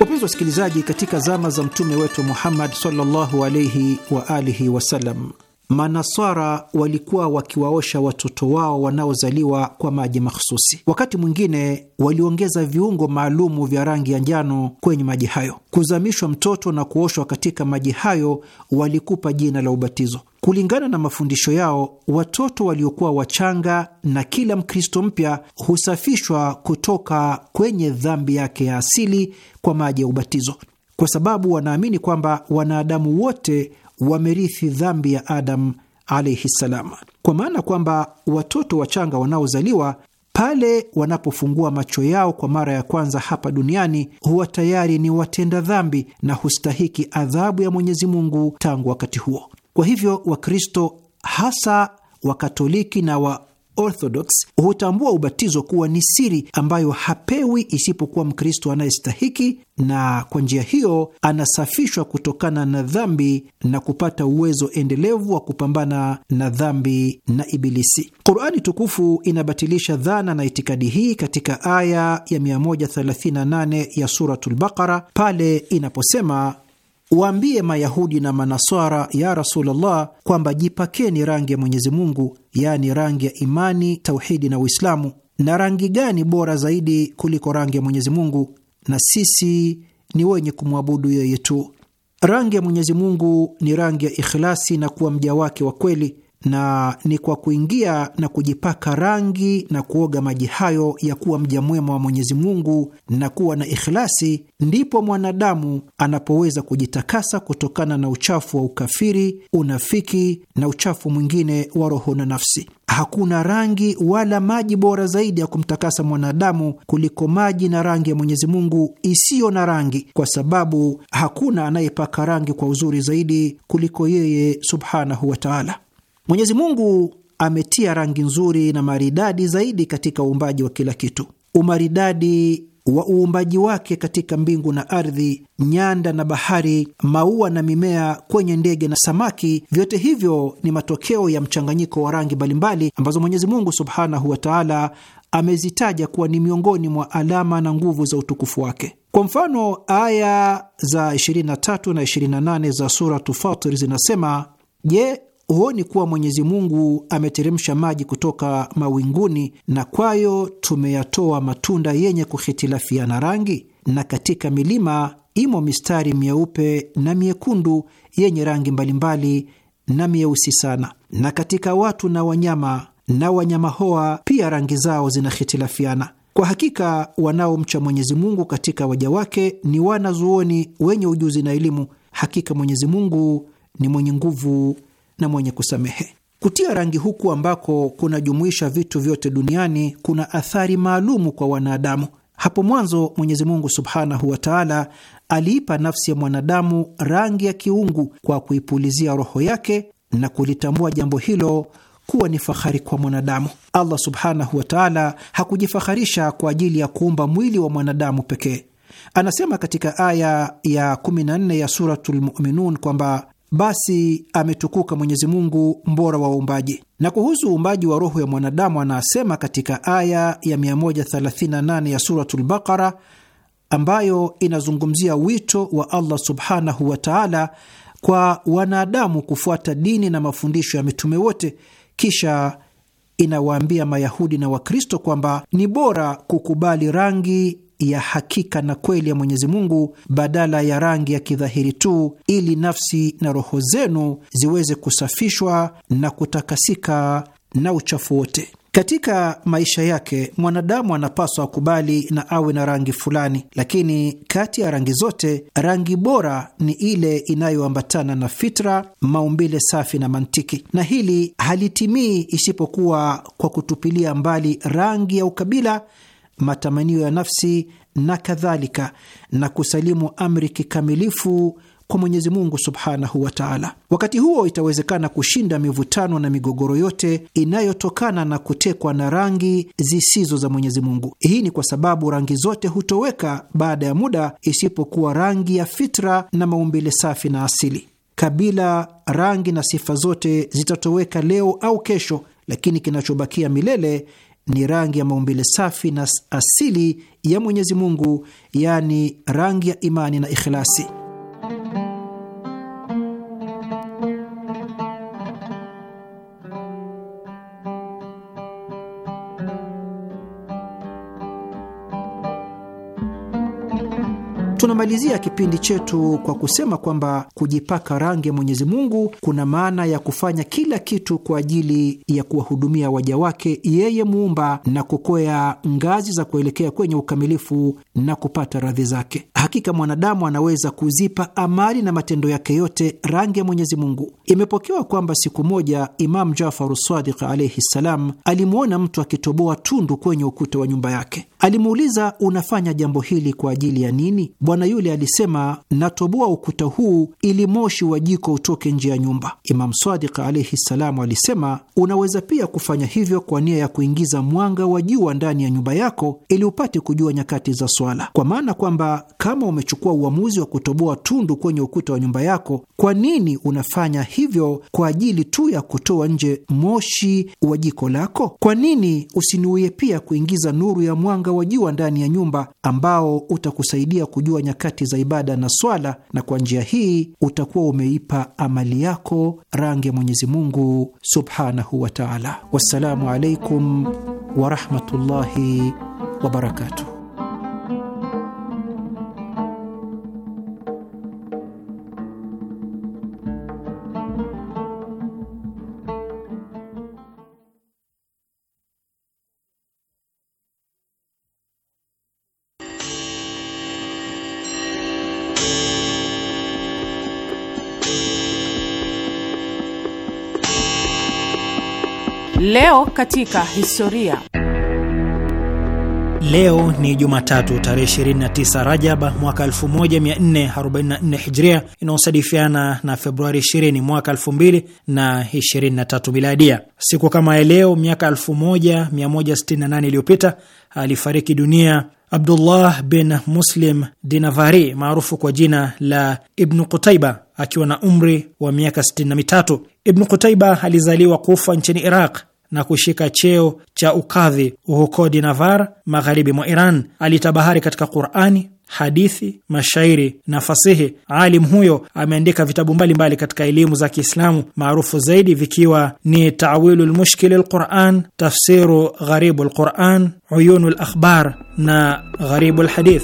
Wapenzi wasikilizaji, katika zama za mtume wetu Muhammad sallallahu alaihi wa alihi wasallam Manaswara walikuwa wakiwaosha watoto wao wanaozaliwa kwa maji makhususi Wakati mwingine waliongeza viungo maalumu vya rangi ya njano kwenye maji hayo. Kuzamishwa mtoto na kuoshwa katika maji hayo walikupa jina la ubatizo. Kulingana na mafundisho yao, watoto waliokuwa wachanga na kila Mkristo mpya husafishwa kutoka kwenye dhambi yake ya asili kwa maji ya ubatizo, kwa sababu wanaamini kwamba wanadamu wote wamerithi dhambi ya Adam alaihi ssalam, kwa maana kwamba watoto wachanga wanaozaliwa pale wanapofungua macho yao kwa mara ya kwanza hapa duniani huwa tayari ni watenda dhambi na hustahiki adhabu ya Mwenyezi Mungu tangu wakati huo. Kwa hivyo Wakristo hasa Wakatoliki na wa Orthodox hutambua ubatizo kuwa ni siri ambayo hapewi isipokuwa Mkristo anayestahiki, na kwa njia hiyo anasafishwa kutokana na dhambi na kupata uwezo endelevu wa kupambana na dhambi na Ibilisi. Qurani tukufu inabatilisha dhana na itikadi hii katika aya ya 138 ya Suratul Baqara pale inaposema Waambie Mayahudi na Manaswara, ya Rasulullah, kwamba jipakeni rangi ya Mwenyezi Mungu yaani rangi ya imani, tauhidi na Uislamu. Na rangi gani bora zaidi kuliko rangi ya Mwenyezi Mungu? Na sisi ni wenye kumwabudu yeye tu. Rangi ya Mwenyezi Mungu ni rangi ya ikhlasi na kuwa mja wake wa kweli na ni kwa kuingia na kujipaka rangi na kuoga maji hayo ya kuwa mja mwema wa Mwenyezi Mungu na kuwa na ikhlasi, ndipo mwanadamu anapoweza kujitakasa kutokana na uchafu wa ukafiri, unafiki na uchafu mwingine wa roho na nafsi. Hakuna rangi wala maji bora zaidi ya kumtakasa mwanadamu kuliko maji na rangi ya Mwenyezi Mungu isiyo na rangi, kwa sababu hakuna anayepaka rangi kwa uzuri zaidi kuliko yeye subhanahu wa taala. Mwenyezi Mungu ametia rangi nzuri na maridadi zaidi katika uumbaji wa kila kitu. Umaridadi wa uumbaji wake katika mbingu na ardhi, nyanda na bahari, maua na mimea, kwenye ndege na samaki, vyote hivyo ni matokeo ya mchanganyiko wa rangi mbalimbali ambazo Mwenyezi Mungu Subhanahu wa Ta'ala amezitaja kuwa ni miongoni mwa alama na nguvu za utukufu wake. Kwa mfano, aya za 23 na 28 za Suratu Fatir zinasema: Je, huoni kuwa Mwenyezi Mungu ameteremsha maji kutoka mawinguni na kwayo tumeyatoa matunda yenye kuhitilafiana rangi, na katika milima imo mistari myeupe na miekundu yenye rangi mbalimbali na mieusi sana, na katika watu na wanyama na wanyama hoa pia rangi zao zinahitilafiana. Kwa hakika wanaomcha Mwenyezi Mungu katika waja wake ni wanazuoni wenye ujuzi na elimu. Hakika Mwenyezi Mungu ni mwenye nguvu na mwenye kusamehe. Kutia rangi huku ambako kunajumuisha vitu vyote duniani kuna athari maalumu kwa wanadamu. Hapo mwanzo Mwenyezi Mungu subhanahu wa taala aliipa nafsi ya mwanadamu rangi ya kiungu kwa kuipulizia roho yake na kulitambua jambo hilo kuwa ni fahari kwa mwanadamu. Allah subhanahu wa taala hakujifaharisha kwa ajili ya kuumba mwili wa mwanadamu pekee. Anasema katika aya ya 14 ya Suratul Muminun kwamba basi ametukuka Mwenyezi Mungu mbora wa waumbaji. Na kuhusu uumbaji wa roho ya mwanadamu anasema katika aya ya 138 ya Suratul Baqara, ambayo inazungumzia wito wa Allah subhanahu wa taala kwa wanadamu kufuata dini na mafundisho ya mitume wote, kisha inawaambia Mayahudi na Wakristo kwamba ni bora kukubali rangi ya hakika na kweli ya Mwenyezi Mungu badala ya rangi ya kidhahiri tu, ili nafsi na roho zenu ziweze kusafishwa na kutakasika na uchafu wote. Katika maisha yake mwanadamu anapaswa akubali na awe na rangi fulani, lakini kati ya rangi zote, rangi bora ni ile inayoambatana na fitra, maumbile safi na mantiki, na hili halitimii isipokuwa kwa kutupilia mbali rangi ya ukabila matamanio ya nafsi na kadhalika, na kusalimu amri kikamilifu kwa Mwenyezi Mungu subhanahu wa taala. Wakati huo itawezekana kushinda mivutano na migogoro yote inayotokana na kutekwa na rangi zisizo za Mwenyezi Mungu. Hii ni kwa sababu rangi zote hutoweka baada ya muda, isipokuwa rangi ya fitra na maumbile safi na asili. Kabila, rangi na sifa zote zitatoweka leo au kesho, lakini kinachobakia milele ni rangi ya maumbile safi na asili ya Mwenyezi Mungu, yaani rangi ya imani na ikhlasi. Tunamalizia kipindi chetu kwa kusema kwamba kujipaka rangi ya Mwenyezi Mungu kuna maana ya kufanya kila kitu kwa ajili ya kuwahudumia waja wake yeye muumba na kukwea ngazi za kuelekea kwenye ukamilifu na kupata radhi zake. Hakika mwanadamu anaweza kuzipa amali na matendo yake yote rangi ya Mwenyezi Mungu. Imepokewa kwamba siku moja Imam Jafaru Sadiq alaihi ssalam alimwona mtu akitoboa tundu kwenye ukuta wa nyumba yake. Alimuuliza, unafanya jambo hili kwa ajili ya nini? bwana yule alisema, natoboa ukuta huu ili moshi wa jiko utoke nje ya nyumba. Imamu Sadiq alaihi ssalamu alisema, unaweza pia kufanya hivyo kwa nia ya kuingiza mwanga wa jua ndani ya nyumba yako ili upate kujua nyakati za swala, kwa maana kwamba kama umechukua uamuzi wa kutoboa tundu kwenye ukuta wa nyumba yako, kwa nini unafanya hivyo kwa ajili tu ya kutoa nje moshi wa jiko lako? Kwa nini usinuie pia kuingiza nuru ya mwanga wa jua ndani ya nyumba ambao utakusaidia kujua kwa nyakati za ibada na swala, na kwa njia hii utakuwa umeipa amali yako rangi ya Mwenyezi Mungu subhanahu wa taala. Wassalamu alaikum warahmatullahi wabarakatuh. Leo katika historia. Leo ni Jumatatu tarehe 29 Rajaba mwaka 1444 Hijria, inayosadifiana na Februari 20 mwaka 2023 Miladia. Siku kama ya leo miaka 1168 iliyopita alifariki dunia Abdullah bin Muslim Dinavari maarufu kwa jina la Ibnu Qutaiba akiwa na umri wa miaka 63. Ibnu Qutaiba alizaliwa Kufa nchini Iraq na kushika cheo cha ukadhi huko Dinavar, magharibi mwa Iran. Alitabahari katika Qurani, hadithi, mashairi na fasihi. Alim huyo ameandika vitabu mbalimbali mbali katika elimu za Kiislamu, maarufu zaidi vikiwa ni Tawilu lmushkili lquran, Tafsiru gharibu lquran, Uyunu lakhbar na Gharibu lhadith.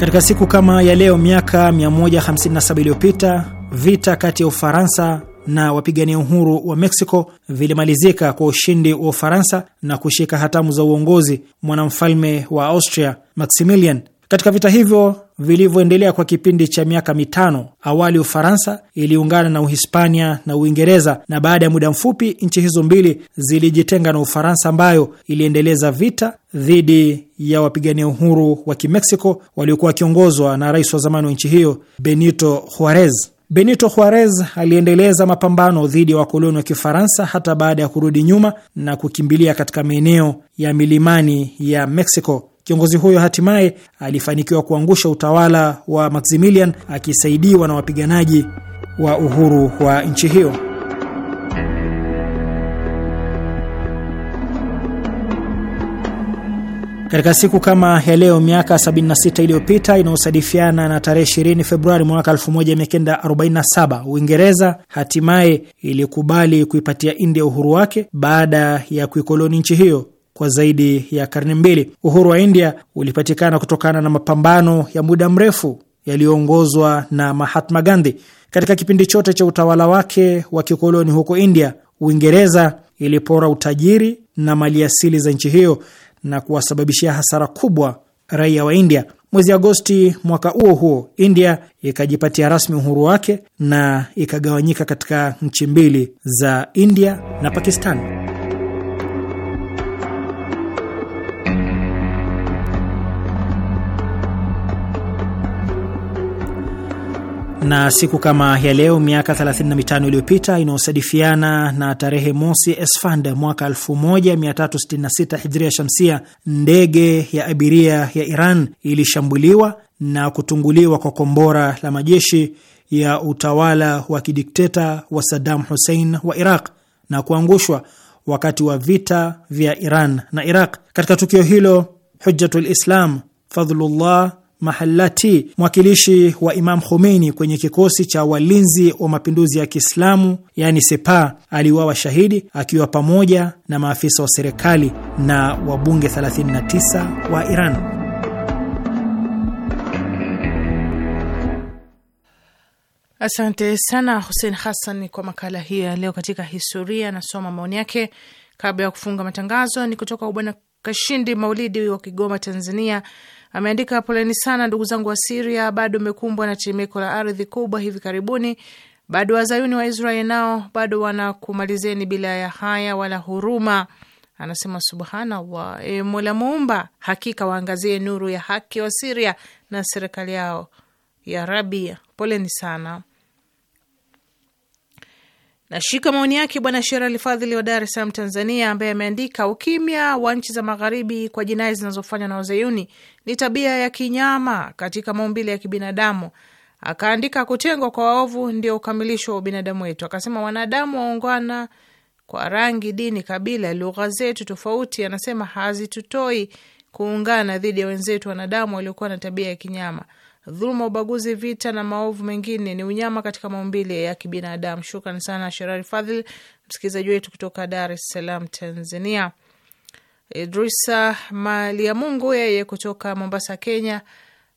Katika siku kama ya leo miaka 157 iliyopita vita kati ya Ufaransa na wapigania uhuru wa Mexico vilimalizika kwa ushindi wa Ufaransa na kushika hatamu za uongozi mwanamfalme wa Austria Maximilian. Katika vita hivyo vilivyoendelea kwa kipindi cha miaka mitano, awali Ufaransa iliungana na Uhispania na Uingereza, na baada ya muda mfupi nchi hizo mbili zilijitenga na Ufaransa ambayo iliendeleza vita dhidi ya wapigania uhuru wa Kimeksiko waliokuwa wakiongozwa na rais wa zamani wa nchi hiyo Benito Juarez. Benito Juarez aliendeleza mapambano dhidi ya wakoloni wa Kifaransa hata baada ya kurudi nyuma na kukimbilia katika maeneo ya milimani ya Mexico. Kiongozi huyo hatimaye alifanikiwa kuangusha utawala wa Maximilian akisaidiwa na wapiganaji wa uhuru wa nchi hiyo. Katika siku kama ya leo miaka 76 iliyopita inayosadifiana na tarehe 20 Februari mwaka 1947, Uingereza hatimaye ilikubali kuipatia India uhuru wake baada ya kuikoloni nchi hiyo kwa zaidi ya karne mbili. Uhuru wa India ulipatikana kutokana na mapambano ya muda mrefu yaliyoongozwa na Mahatma Gandhi. Katika kipindi chote cha utawala wake wa kikoloni huko India, Uingereza ilipora utajiri na maliasili za nchi hiyo na kuwasababishia hasara kubwa raia wa India. Mwezi Agosti mwaka huo huo, India ikajipatia rasmi uhuru wake na ikagawanyika katika nchi mbili za India na Pakistan. na siku kama ya leo miaka 35 iliyopita inayosadifiana na tarehe mosi esfand mwaka 1366 hijria shamsia, ndege ya abiria ya Iran ilishambuliwa na kutunguliwa kwa kombora la majeshi ya utawala wa kidikteta wa Saddam Hussein wa Iraq na kuangushwa wakati wa vita vya Iran na Iraq. Katika tukio hilo, Hujjatul Islam Fadhlullah mahalati mwakilishi wa Imam Khomeini kwenye kikosi cha walinzi wa mapinduzi ya Kiislamu yani Sepa, aliuawa shahidi akiwa pamoja na maafisa wa serikali na wabunge 39 wa Iran. Asante sana Hussein Hassan kwa makala hiyo ya leo katika historia. Nasoma maoni yake kabla ya kufunga matangazo, ni kutoka kwa Bwana Kashindi Maulidi wa Kigoma, Tanzania ameandika poleni sana ndugu zangu wa Siria, bado umekumbwa na tetemeko la ardhi kubwa hivi karibuni. Bado wazayuni wa Israeli nao bado wanakumalizeni bila ya haya wala huruma. Anasema subhanallah, e, Mola Muumba, hakika waangazie nuru ya haki wa Siria na serikali yao ya Rabia. Poleni sana. Nashika maoni yake Bwana Sherali Fadhili wa Dar es Salaam, Tanzania, ambaye ameandika ukimya wa nchi za magharibi kwa jinai zinazofanywa na wazayuni ni tabia ya kinyama katika maumbile ya kibinadamu. Akaandika, kutengwa kwa waovu ndio ukamilisho wa ubinadamu wetu. Akasema wanadamu waungwana kwa rangi, dini, kabila, lugha zetu tofauti, anasema hazitutoi kuungana dhidi ya wenzetu wanadamu waliokuwa na tabia ya kinyama. Dhuluma, ubaguzi, vita na maovu mengine ni unyama katika maumbili ya kibinadamu. Shukran sana Sherari Fadhil, msikilizaji wetu kutoka Dar es Salaam, Tanzania. Idrisa Malia Mungu yeye kutoka Mombasa, Kenya,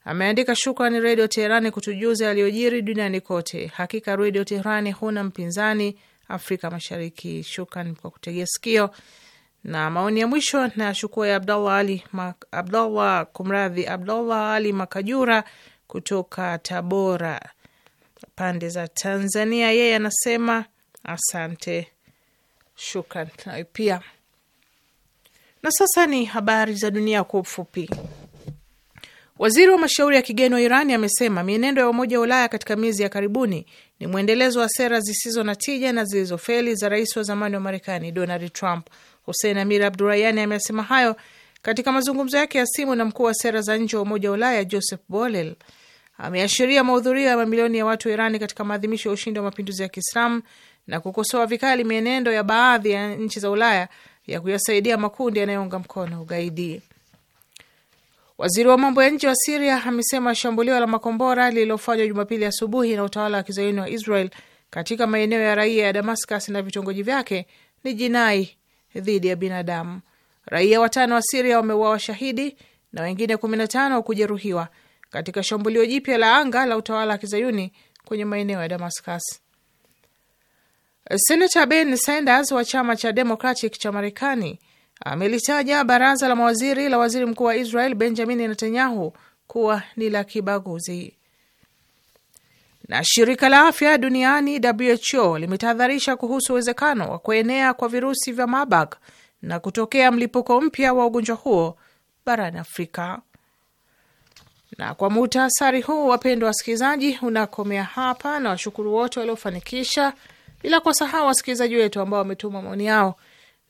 ameandika shukrani Redio Teherani kutujuza yaliyojiri duniani kote. Hakika Redio Teherani huna mpinzani Afrika Mashariki. Shukran kwa kutegea sikio. Na maoni ya mwisho na shukua ya Abdallah Ali Abdallah, kumradhi, Abdallah Ali Makajura kutoka Tabora, pande za Tanzania. Yeye anasema asante, shukran nayo pia. Na sasa ni habari za dunia kwa ufupi. Waziri wa mashauri ya kigeni wa Irani amesema mienendo ya Umoja wa Ulaya katika miezi ya karibuni ni mwendelezo wa sera zisizo na tija na zilizofeli za rais wa zamani wa Marekani Donald Trump. Hussein Amir Abdurayani amesema hayo katika mazungumzo yake ya simu na mkuu wa sera za nje wa Umoja wa Ulaya Joseph Borrell ameashiria mahudhurio ya mamilioni ya watu wa Irani katika maadhimisho ya ushindi wa mapinduzi ya Kiislamu na kukosoa vikali mienendo ya baadhi ya nchi za Ulaya ya kuyasaidia makundi yanayounga mkono ugaidi. Waziri wa mambo ya nje wa Siria amesema shambulio la makombora lililofanywa Jumapili asubuhi na utawala wa kizayuni wa Israel katika maeneo ya raia ya Damascus na vitongoji vyake ni jinai dhidi ya binadamu. Raia watano wa Siria wameuawa shahidi na wengine 15 kujeruhiwa katika shambulio jipya la anga la utawala wa kizayuni kwenye maeneo ya Damascus. Senata Ben Sanders wa chama cha Democratic cha Marekani amelitaja baraza la mawaziri la waziri mkuu wa Israel Benjamin Netanyahu kuwa ni la kibaguzi. Na shirika la afya duniani WHO limetahadharisha kuhusu uwezekano wa kuenea kwa virusi vya Marburg na kutokea mlipuko mpya wa ugonjwa huo barani Afrika. Na kwa muhtasari huu, wapendwa wasikilizaji, unakomea hapa na washukuru wote waliofanikisha, bila kuwasahau wasikilizaji wetu ambao wametuma maoni yao.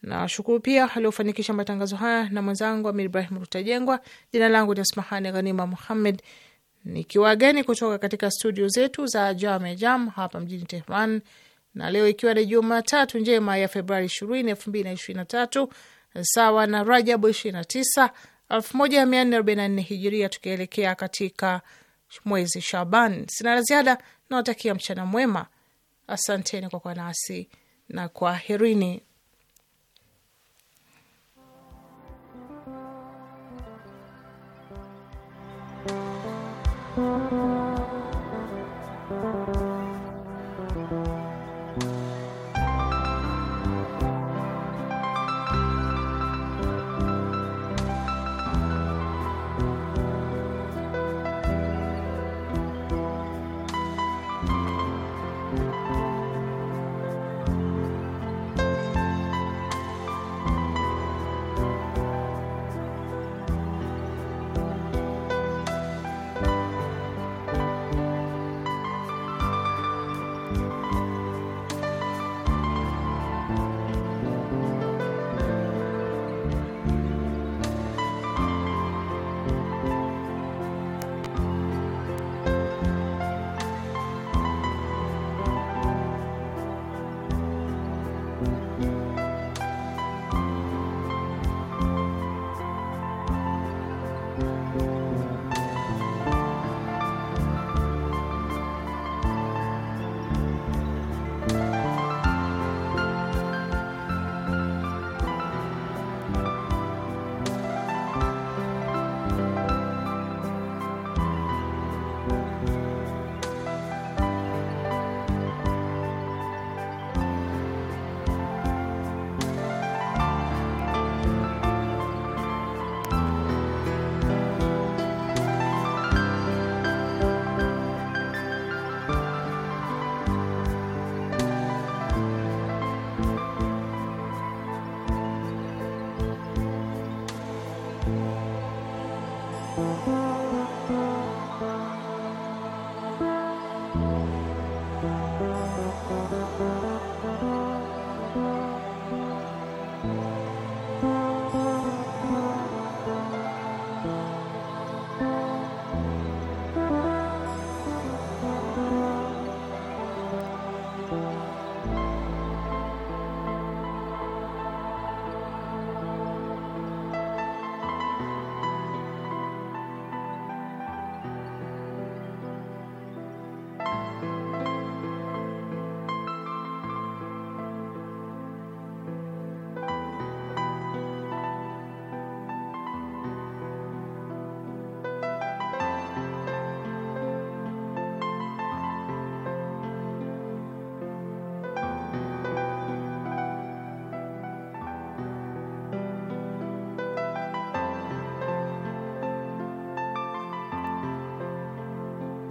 Nawashukuru pia waliofanikisha matangazo haya na mwenzangu Amir Ibrahim Rutajengwa. Jina langu ni Asmahani Ghanima Muhammed, nikiwageni kutoka katika studio zetu za Jame Jam hapa mjini Tehran na leo ikiwa ni Jumatatu njema ya Februari 20, 2023 sawa na Rajabu 29, 1444 Hijiria, tukielekea katika mwezi Shaban. Sina la ziada, nawatakia mchana mwema. Asanteni kwa kuwa nasi na kwaherini.